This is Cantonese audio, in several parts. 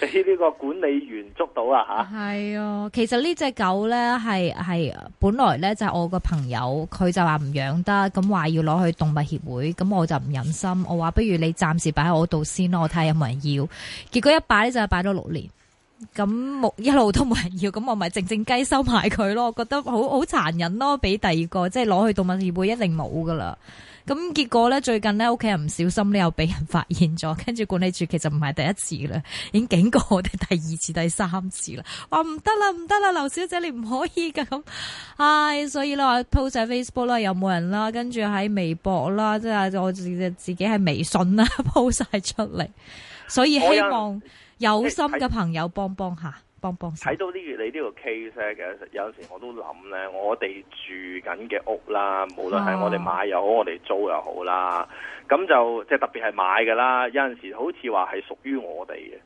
俾呢個管理員捉到啦吓，係啊，啊，其實呢隻狗呢，係係本來呢就係我個朋友，佢就話唔養得，咁話要攞去動物協會，咁我就唔忍心，我話不如你暫時擺喺我度先咯，我睇下有冇人要，結果一擺呢就係擺咗六年，咁一路都冇人要，咁我咪靜靜雞收埋佢咯，我覺得好好殘忍咯，俾第二個即係攞去動物協會一定冇噶啦。咁結果咧，最近咧屋企人唔小心咧又俾人發現咗，跟住，管理處其實唔係第一次啦，已經警告我哋第二次、第三次啦，話唔得啦，唔得啦，劉小姐你唔可以噶。咁，唉，所以啦我 post 喺 Facebook 啦，有冇人啦？跟住喺微博啦，即係我自己係喺微信啦，post 晒出嚟，所以希望有心嘅朋友幫幫下。睇到呢、這個，你、這、呢個 case 咧，其實有陣時我都諗咧，我哋住緊嘅屋啦，無論係我哋買又好，我哋租又好啦，咁就即係、就是、特別係買嘅啦，有陣時好似話係屬於我哋嘅，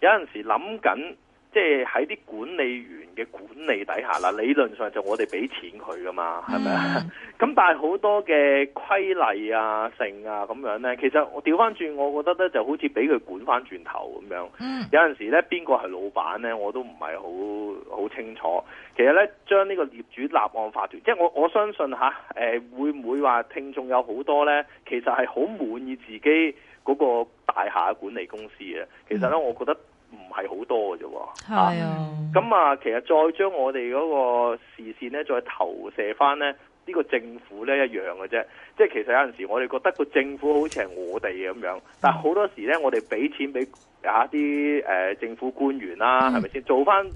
有陣時諗緊。即係喺啲管理員嘅管理底下啦，理論上就我哋俾錢佢噶嘛，係咪？咁但係好多嘅規例啊、性啊咁樣呢，其實我調翻轉，我覺得咧就好似俾佢管翻轉頭咁樣。嗯、有陣時呢，邊個係老闆呢，我都唔係好好清楚。其實呢，將呢個業主立案法團，即係我我相信嚇，誒會唔會話聽眾有好多呢，其實係好滿意自己嗰個大廈管理公司嘅。其實呢，嗯、我覺得。唔係好多嘅啫、啊，吓咁啊，啊，啊！其實再將我哋嗰個視線咧，再投射翻咧，呢、這個政府咧一樣嘅啫。即係其實有陣時，我哋覺得個政府好似係我哋咁樣，嗯、但係好多時咧，我哋俾錢俾一啲誒政府官員啦，係咪先做翻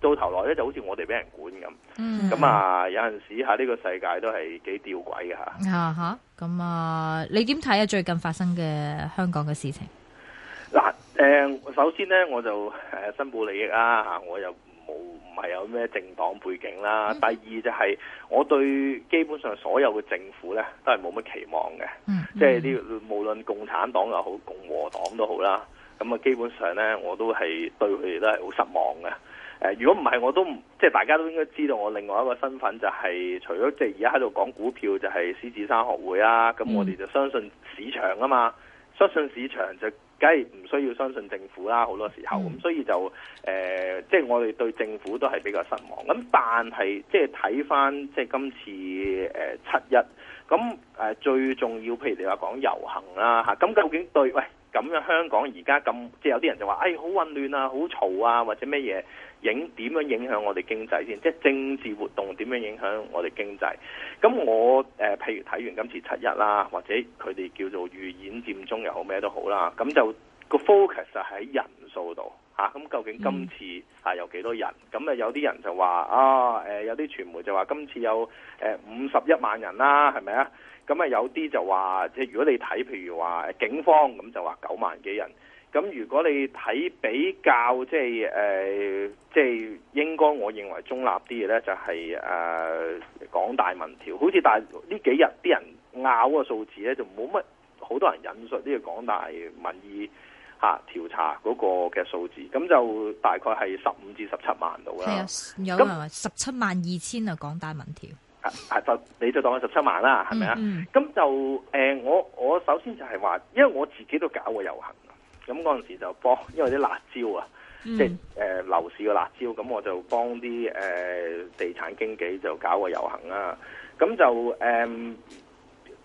到頭來咧，就好似我哋俾人管咁。咁、嗯、啊，有陣時喺呢個世界都係幾吊詭嘅吓。吓咁啊，啊，你點睇啊？最近發生嘅香港嘅事情嗱。誒，首先咧，我就誒申報利益啦嚇，我又冇，唔係有咩政黨背景啦。嗯、第二就係、是，我對基本上所有嘅政府咧，都係冇乜期望嘅。即係呢，無論共產黨又好，共和黨都好啦。咁啊，基本上咧，我都係對佢哋都係好失望嘅。誒，如果唔係，我都唔，即係、就是、大家都應該知道，我另外一個身份就係、是，除咗即係而家喺度講股票就係獅子山學會啊。咁我哋就相信市場啊嘛，相信市場就，梗係唔需要相信政府啦，好多時候咁，所以就誒、呃，即係我哋對政府都係比較失望。咁但係即係睇翻即係今次誒、呃、七一，咁、呃、最重要，譬如你話講遊行啦嚇咁、啊、究竟對喂？咁樣香港而家咁，即係有啲人就話，哎，好混亂啊，好嘈啊，或者咩嘢影點樣影響我哋經濟先？即係政治活動點樣影響我哋經濟？咁我誒、呃，譬如睇完今次七一啦，或者佢哋叫做預演佔中又好咩都好啦，咁就個 focus 就喺人數度嚇。咁、啊、究竟今次嚇有幾多人？咁啊有啲人就話啊，誒、呃、有啲傳媒就話今次有誒五十一萬人啦，係咪啊？咁啊，有啲就話，即係如果你睇，譬如話警方咁就話九萬幾人。咁如果你睇比較，即係、呃、即係應該，我認為中立啲嘅咧，就係、是、誒、呃、港大民調。好似但係呢幾日啲人拗個數字咧，就冇乜好多人引述呢個港大民意嚇、啊、調查嗰個嘅數字。咁就大概係十五至十七萬度啦。係啊，有啊，十七萬二千啊，2, 000，港大民調。係就你就當佢十七萬啦，係咪啊？咁、mm hmm。就誒、呃，我我首先就係話，因為我自己都搞過遊行，咁嗰陣時就幫，因為啲辣椒啊，即係誒樓市個辣椒，咁我就幫啲誒地產經紀就搞個遊行啦、啊，咁就誒。呃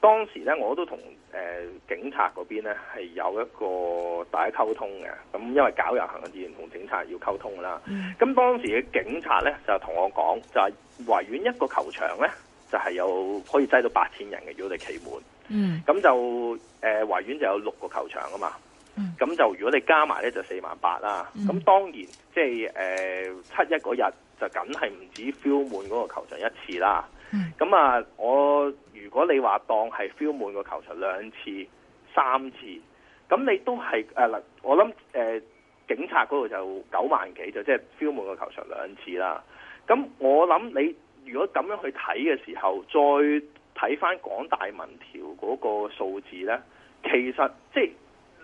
當時咧，我都同、呃、警察嗰邊咧係有一個大家溝通嘅。咁因為搞遊行嘅自然同警察要溝通啦。咁、嗯、當時嘅警察咧就同我講，就係維園一個球場咧就係、是、有可以擠到八千人嘅，如果你企滿。嗯。咁就誒維園、呃、就有六個球場啊嘛。咁、嗯、就如果你加埋咧就四萬八啦。咁、嗯、當然即係誒七一嗰日就梗係唔止 fill 滿嗰個球場一次啦。咁啊，嗯、我如果你話當係 fill 滿個球場兩次、三次，咁你都係誒嗱，我諗誒、呃、警察嗰度，就九萬幾就即係 fill 滿個球場兩次啦。咁我諗你如果咁樣去睇嘅時候，再睇翻，港大民調嗰個數字呢，其實即係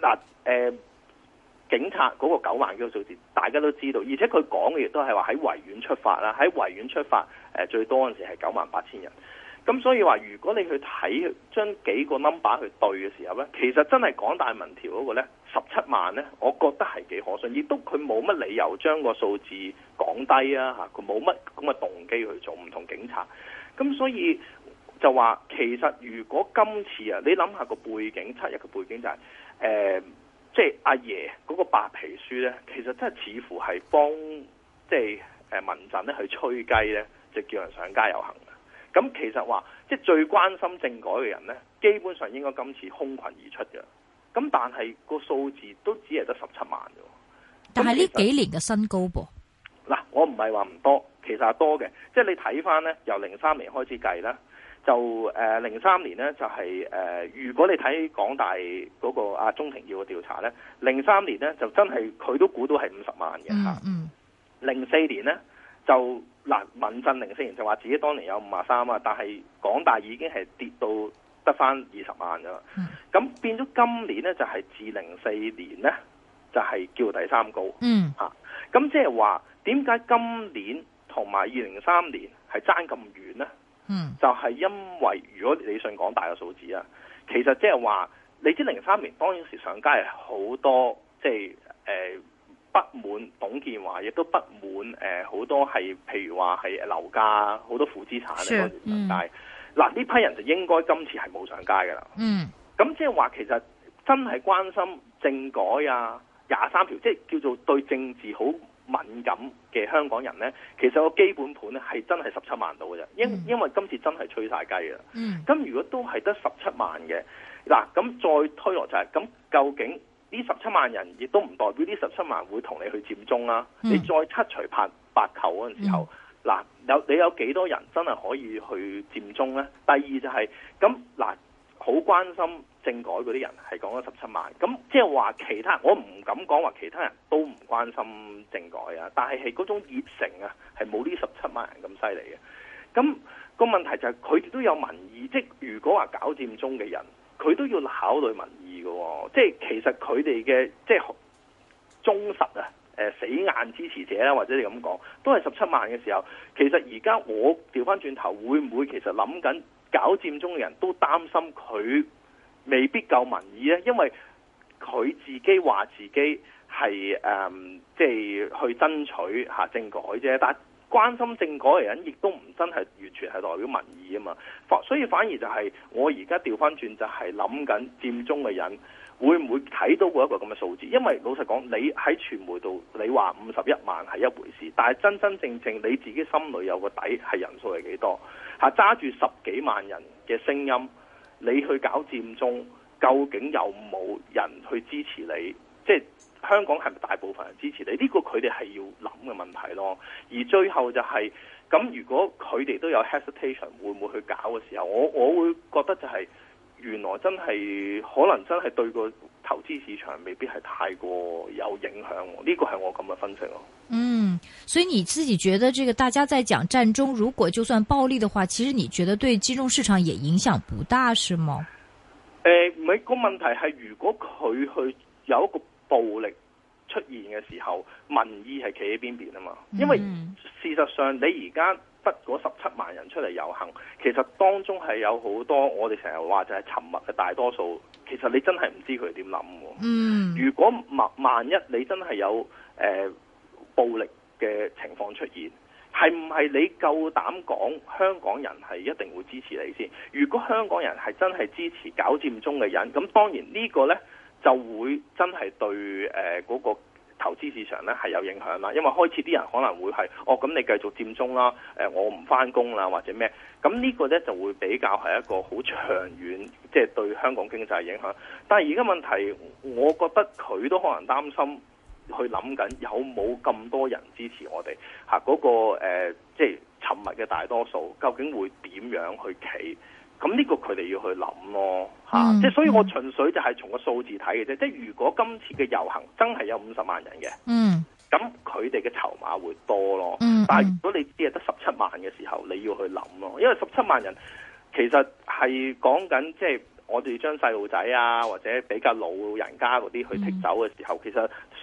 嗱誒。呃呃警察嗰個九萬幾個數字，大家都知道，而且佢講嘅亦都係話喺維園出發啦，喺維園出發最多嗰陣時係九萬八千人。咁所以話，如果你去睇將幾個 number 去對嘅時候呢，其實真係港大民調嗰個呢十七萬呢，我覺得係幾可信，亦都佢冇乜理由將個數字講低啊嚇，佢冇乜咁嘅動機去做唔同警察。咁所以就話，其實如果今次啊，你諗下個背景，七一嘅背景就係、是呃即係阿爺嗰個白皮書咧，其實真係似乎係幫即係誒民陣咧去吹雞咧，就叫人上街遊行的。咁其實話即係最關心政改嘅人咧，基本上應該今次空群而出嘅。咁但係個數字都只係得十七萬啫。但係呢幾年嘅新高噃。嗱，我唔係話唔多，其實係多嘅。即係你睇翻咧，由零三年開始計啦。就誒零三年呢，就係、是、誒、呃、如果你睇港大嗰、那個阿鍾、啊、庭耀嘅調查呢，零三年呢，就真係佢都估到係五十萬嘅嚇、嗯。嗯，零四年呢，就嗱、呃、民陣零四年就話、是、自己當年有五廿三啊，但係港大已經係跌到得返二十萬㗎。嗯，咁變咗今年呢，就係、是、至零四年呢，就係、是、叫第三高。嗯，嚇、啊，咁即係話點解今年同埋二零三年係爭咁遠呢？嗯，就係因為如果你信港大嘅數字啊，其實即係話，你知零三年當時上街係好多，即係誒不滿董建華，亦都不滿誒好、呃、多係譬如話係樓價好多負資產嗰啲是上街。嗱、嗯，呢批人就應該今次係冇上街㗎啦。嗯，咁即係話其實真係關心政改啊，廿三條，即係叫做對政治好。敏感嘅香港人呢，其實個基本盤呢係真係十七萬度嘅啫，因、嗯、因為今次真係吹晒雞啦。嗯，咁如果都係得十七萬嘅，嗱，咁再推落就係、是，咁究竟呢十七萬人亦都唔代表呢十七萬會同你去佔中啦。你再七除拍八扣嗰陣時候，嗱，有你有幾多人真係可以去佔中呢？第二就係、是，咁嗱，好關心。政改嗰啲人係講咗十七萬，咁即係話其他人，我唔敢講話其他人都唔關心政改啊。但係係嗰種熱誠啊，係冇呢十七萬人咁犀利嘅。咁、那個問題就係佢哋都有民意，即係如果話搞佔中嘅人，佢都要考慮民意㗎、哦。即係其實佢哋嘅即係忠實啊，誒、呃、死硬支持者啦，或者你咁講，都係十七萬嘅時候。其實而家我調返轉頭，會唔會其實諗緊搞佔中嘅人都擔心佢？未必夠民意吖，因為佢自己話自己係誒，即、嗯、係、即係、去爭取嚇政改啫。但係關心政改嘅人亦都唔真係完全係代表民意啊嘛。所以反而就係、係、我而家調翻轉，就係諗緊佔中嘅人會唔會睇到過一個咁嘅數字？因為老實講，你喺傳媒度你話五十一萬係一回事，但係真真正正你自己心裏有個底係人數係幾多嚇？揸住十幾萬人嘅聲音。你去搞佔中，究竟有冇人去支持你？即係香港係咪大部分人支持你？呢個佢哋係要諗嘅問題咯。而最後就係咁，如果佢哋都有 hesitation，會唔會去搞嘅時候，我我會覺得就係原來真係可能真係對個投資市場未必係太過有影響。呢個係我咁嘅分析咯。嗯。所以你自己覺得，這個大家在講佔中，如果就算暴力的話，其實你覺得對金融市場也影響不大，是嗎？誒、呃，咪個問題係，如果佢去有一個暴力出現嘅時候，民意係企喺邊邊啊嘛？嗯、因為事實上，你而家得嗰十七萬人出嚟遊行，其實當中係有好多我哋成日話就係沉默嘅大多數，其實你真係唔知佢點諗。嗯，如果萬萬一你真係有誒、呃、暴力，嘅情況出現，係唔係你夠膽講香港人係一定會支持你先？如果香港人係真係支持搞佔中嘅人，咁當然呢個呢就會真係對誒嗰個投資市場呢係有影響啦。因為開始啲人可能會係哦，咁你繼續佔中啦，誒我唔翻工啦或者咩？咁呢個呢就會比較係一個好長遠，即係對香港經濟影響。但係而家問題，我覺得佢都可能擔心。去諗緊有冇咁多人支持我哋嗰、嗰個、呃、即係沉默嘅大多數，究竟會點樣去企？咁呢個佢哋要去諗咯，即係、嗯啊、所以我純粹就係從個數字睇嘅啫。即係如果今次嘅遊行真係有五十萬人嘅，嗯，咁佢哋嘅籌碼會多咯。嗯、但係如果你只係得十七萬嘅時候，你要去諗咯，因為十七萬人其實係講緊即係。我哋將細路仔啊，或者比較老人家嗰啲去踢走嘅時候，mm hmm. 其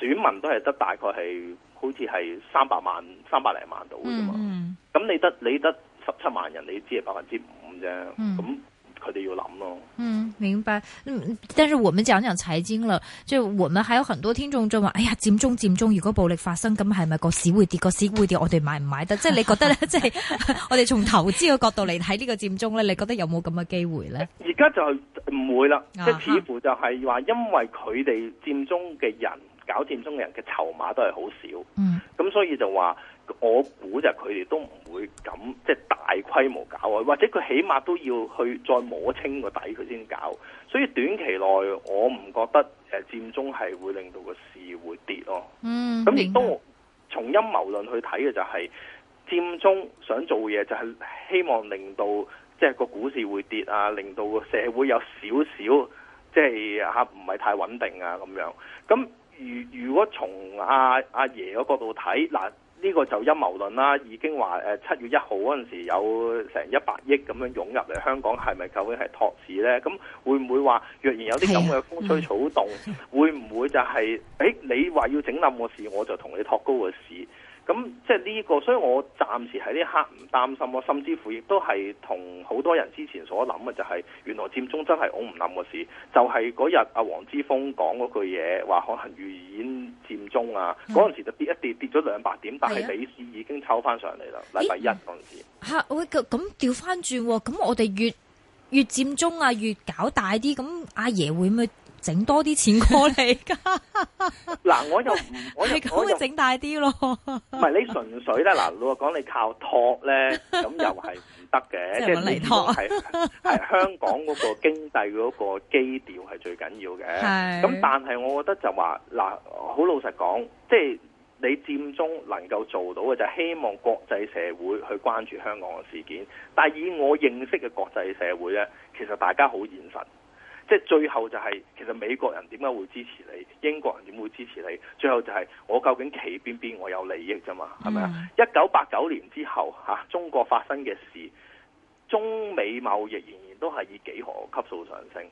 實選民都係得大概係好似係三百萬三百零萬度嘅啫嘛。咁、mm hmm. 你得你得十七萬人，你只係百分之五啫。咁佢哋要諗咯。嗯，明白。但是我們講講財經啦，即係我們還有很多聽眾就話：哎呀，佔中佔中，如果暴力發生，咁係咪個市會跌？個市會跌，我哋買唔買得？即係 你覺得呢？即係我哋從投資嘅角度嚟睇呢個佔中呢，你覺得有冇咁嘅機會呢？而家就係唔會啦，即係似乎就係話，因為佢哋佔中嘅人搞佔中嘅人嘅籌碼都係好少。嗯，咁所以就話。我估就佢哋都唔會咁即係大規模搞啊，或者佢起碼都要去再摸清個底佢先搞，所以短期內我唔覺得誒佔中係會令到個市會跌咯。嗯，咁亦都從陰謀論去睇嘅就係、是、佔中想做嘢就係希望令到即係個股市會跌啊，令到個社會有少少即係吓唔係太穩定啊咁樣。咁如如果從阿阿爺嘅角度睇嗱。呢個就陰謀論啦，已經話七月一號嗰陣時有成一百億咁樣湧入嚟香港，係咪究竟係托市呢？咁會唔會話若然有啲咁嘅風吹草動，會唔會就係、是、誒、哎、你話要整冧個市，我就同你托高個市？咁即係呢個，所以我暫時喺呢一刻唔擔心咯，甚至乎亦都係同好多人之前所諗嘅就係、是、原來佔中真係我唔諗嘅事，就係嗰日阿黃之鋒講嗰句嘢，話可能預演佔中啊，嗰陣、嗯、時就跌一跌跌咗兩百點，但係比市已經抽翻上嚟啦，禮拜、啊、一嗰陣時吓，咁咁調翻轉，咁、嗯、我哋越越佔中啊，越搞大啲，咁阿爺會唔會？整多啲錢過嚟噶，嗱，我又唔，我又咁 會整大啲咯？唔係，你純粹咧，嗱，老話講你靠托咧，咁 又係唔得嘅，即係唔係托，係係 香港嗰個經濟嗰個基調係最緊要嘅。咁 但係我覺得就話嗱，好老實講，即係你佔中能夠做到嘅就係希望國際社會去關注香港嘅事件，但係以我認識嘅國際社會咧，其實大家好現實。即係最後就係、是，其實美國人點解會支持你？英國人點會支持你？最後就係我究竟企邊邊？我有利益啫嘛，係咪啊？一九八九年之後、啊、中國發生嘅事，中美貿易仍然都係以幾何級數上升、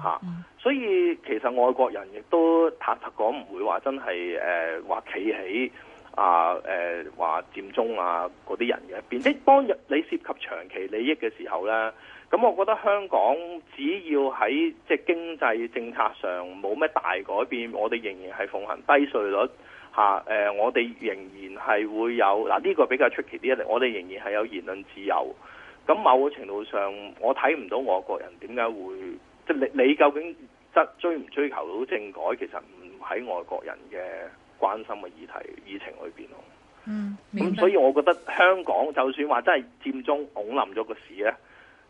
啊 mm hmm. 所以其實外國人亦都坦白講，唔會話真係誒話企起。啊，誒、呃、話佔中啊嗰啲人嘅一邊，即當日你涉及長期利益嘅時候咧，咁我覺得香港只要喺即經濟政策上冇咩大改變，我哋仍然係奉行低稅率嚇，誒、啊呃、我哋仍然係會有嗱呢、啊呢個比較出奇啲，我哋仍然係有言論自由。咁某個程度上，我睇唔到外國人點解會即你你究竟執追唔追求到政改，其實唔喺外國人嘅。關心嘅議題議程裏邊咯，嗯，咁、嗯、所以我覺得香港就算話真係佔中拱冧咗個市咧，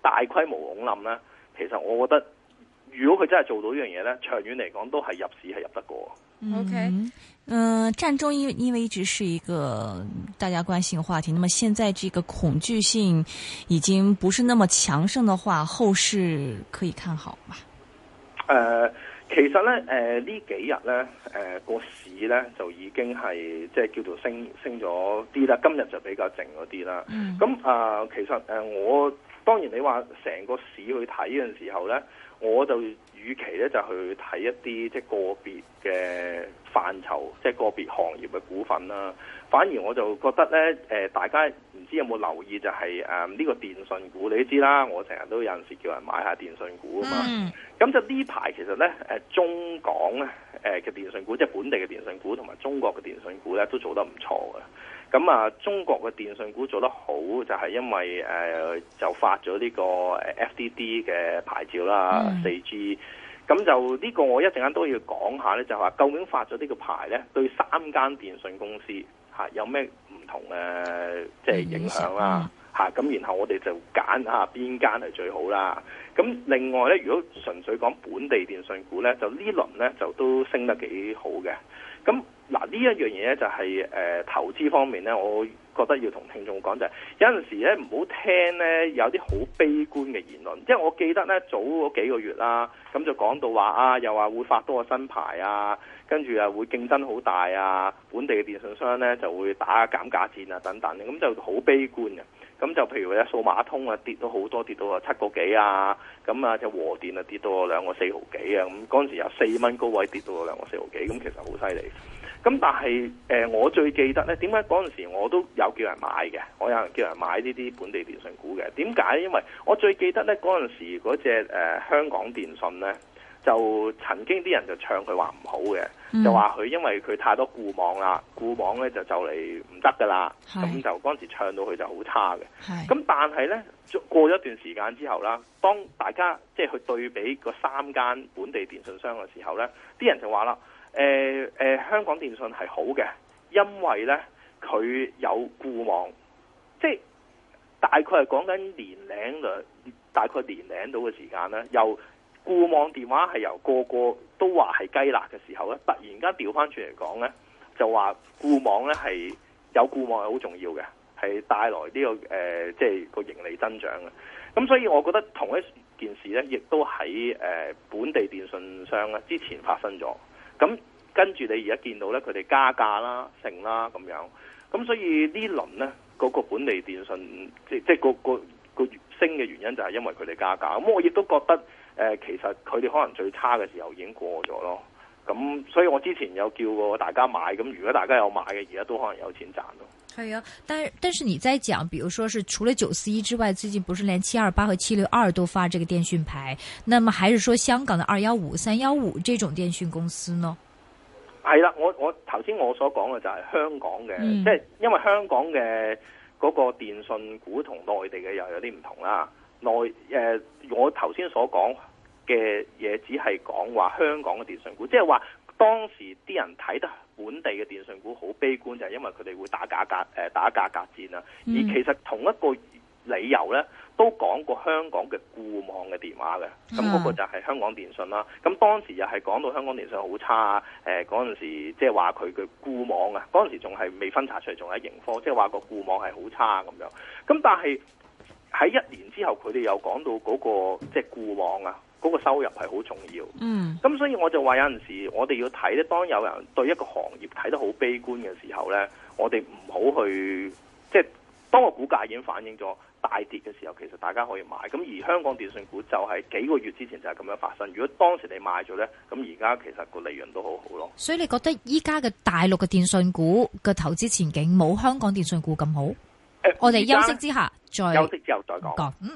大規模拱冧咧，其實我覺得如果佢真係做到呢樣嘢咧，長遠嚟講都係入市係入得過。O K，誒，佔、呃、中因因為一直是一個大家關心嘅話題，那麼現在這個恐懼性已經不是那麼強盛的話，後市可以看好嗎？誒、呃。其實咧，誒、呃、呢幾日咧，誒、呃、個市咧就已經係即係叫做升升咗啲啦，今日就比較靜咗啲啦。咁啊、嗯呃，其實誒、呃、我當然你話成個市去睇嘅時候咧，我就與其咧就去睇一啲即係個別嘅範疇，即係個別行業嘅股份啦。反而我就覺得咧，大家唔知有冇留意就係誒呢個電信股，你都知啦。我成日都有陣時叫人買下電信股啊嘛。咁就呢排其實咧，中港咧誒嘅電信股，即係本地嘅電信股同埋中國嘅電信股咧，都做得唔錯嘅。咁啊，中國嘅電信股做得好就係、呃，就係因為就發咗呢個 FDD 嘅牌照啦，四 G。咁就呢個我一陣間都要講下咧，就係、話、究竟發咗呢個牌咧，對三間電信公司。嚇、啊、有咩唔同嘅、啊、即係影響啦嚇咁，啊、然後我哋就揀下邊間係最好啦。咁另外咧，如果純粹講本地電信股咧，就這輪呢輪咧就都升得幾好嘅。咁嗱呢一樣嘢咧，就係誒投資方面咧，我覺得要同聽眾講就係、是、有陣時咧唔好聽咧有啲好悲觀嘅言論，因為我記得咧早嗰幾個月啦、啊，咁就講到話啊，又話會發多個新牌啊。跟住啊，會競爭好大啊！本地嘅電信商呢就會打減價戰啊，等等，咁就好悲觀嘅。咁就譬如話，數碼通啊，跌到好多，跌到啊七個幾啊，咁啊就和電啊跌到兩個四毫幾啊。咁嗰陣時由四蚊高位跌到兩個四毫幾，咁其實好犀利。咁但係誒，我最記得呢點解嗰陣時我都有叫人買嘅，我有人叫人買呢啲本地電信股嘅？點解？因為我最記得呢嗰陣時嗰隻誒香港電信呢。就曾經啲人就唱佢話唔好嘅，嗯、就話佢因為佢太多固網啦，固網咧就是的 就就嚟唔得噶啦，咁就嗰陣時唱到佢就好差嘅。咁是的 但係呢，過咗一段時間之後啦，當大家即係去對比嗰三間本地電訊商嘅時候呢，啲人就話啦、呃呃，香港電訊係好嘅，因為呢，佢有固網，即係大概係講緊年零大概年零到嘅時間呢又。固網電話係由個個都話係雞肋嘅時候咧，突然間調翻轉嚟講咧，就話固網咧係有固網係好重要嘅，係帶來呢、呢個誒即係個盈利增長嘅。咁所以我覺得同一件事咧，亦都喺誒本地電信商咧之前發生咗。咁跟住你而家見到咧，佢哋加價啦、升啦咁樣。咁所以呢輪呢輪咧，個、個個本地電信即即個個個升嘅原因就係因為佢哋加價。咁我亦都覺得。其實佢哋可能最差嘅時候已經過咗咯，咁所以我之前有叫過大家買，咁如果大家有買嘅，而家都可能有錢賺咯。係啊，但但是你在講，比如說是除了九四一之外，最近不是連七二八和七六二都發這個電訊牌，那麼還是說香港的二幺五、三幺五這種電訊公司呢？係啦，我我頭先我所講嘅就係香港嘅，嗯、即係因為香港嘅嗰個電訊股同內地嘅又有啲唔同啦。內誒，我頭先所講嘅嘢只係講話香港嘅電信股，即係話當時啲人睇得本地嘅電信股好悲觀，就係因為佢哋會打價格誒打價格戰啦。而其實同一個理由咧，都講過香港嘅固網嘅電話嘅，咁嗰個就係香港電信啦。咁當時又係講到香港電信好差，誒嗰陣時即係話佢嘅固網啊，嗰陣時仲係未分拆出嚟，仲喺盈科，即係話個固網係好差咁樣。咁但係喺一年之後，佢哋又講到嗰、那個即係固網啊，嗰、那個收入係好重要。嗯，咁所以我就話有陣時，我哋要睇咧。當有人對一個行業睇得好悲觀嘅時候咧，我哋唔好去即係。當個股價已經反映咗大跌嘅時候，其實大家可以買。咁而香港電信股就係幾個月之前就係咁樣發生。如果當時你買咗咧，咁而家其實個利潤都好好咯。所以你覺得依家嘅大陸嘅電信股嘅投資前景冇香港電信股咁好？呃、我哋休息之下再休息之後再講。嗯。